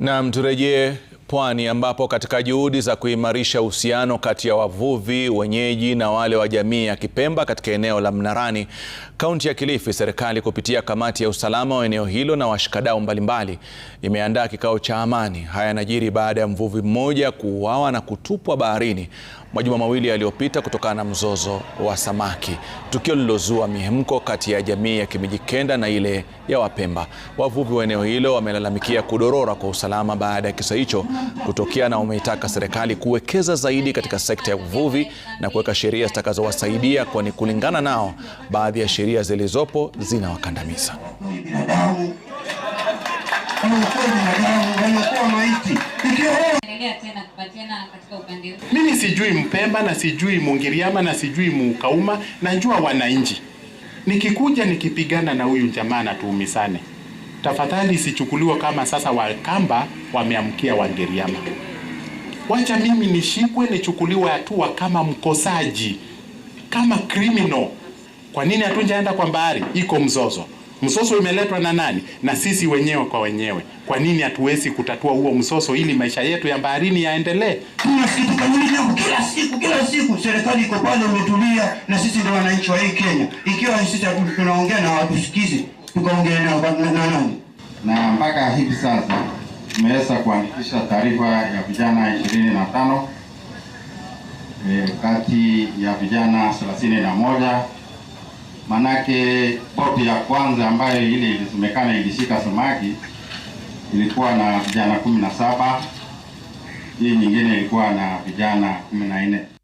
Naam, turejee pwani ambapo katika juhudi za kuimarisha uhusiano kati ya wavuvi wenyeji na wale wa jamii ya Kipemba katika eneo la Mnarani, kaunti ya Kilifi, serikali kupitia kamati ya usalama wa eneo hilo na washikadau mbalimbali imeandaa kikao cha amani. Haya yanajiri baada ya mvuvi mmoja kuuawa na kutupwa baharini majuma mawili yaliyopita kutokana na mzozo wa samaki, tukio lilozua mihemko kati ya jamii ya Kimijikenda na ile ya Wapemba. Wavuvi wa eneo hilo wamelalamikia kudorora kwa usalama baada ya kisa hicho kutokea, na wameitaka serikali kuwekeza zaidi katika sekta ya uvuvi na kuweka sheria zitakazowasaidia, kwani kulingana nao baadhi ya sheria zilizopo zinawakandamiza tena kupatiana katika upande Mimi sijui Mpemba na sijui Mungiriama na sijui Mukauma, najua wananchi. Nikikuja nikipigana na huyu jamaa na tuumisane, tafadhali sichukuliwe kama sasa Wakamba wameamkia Wangiriama. Wacha mimi nishikwe, nichukuliwe hatua kama mkosaji, kama criminal. Kwa nini hatujaenda kwa bahari? Iko mzozo Msoso umeletwa na nani? Na sisi wenyewe kwa wenyewe. Kwa nini hatuwezi kutatua huo msoso ili maisha yetu ya baharini yaendelee? Kila siku kila siku, kila siku serikali iko pale imetulia, na sisi ndio wananchi wa hii Kenya. Ikiwa sisi tunaongea na watusikizi, tukaongea na nani? Na mpaka hivi sasa tumeweza kuandikisha taarifa ya vijana 25 eh, kati ya vijana 31 manake boti ya kwanza ambayo ile ilisemekana ilishika samaki ilikuwa na vijana kumi na saba hii nyingine ilikuwa na vijana kumi na nne.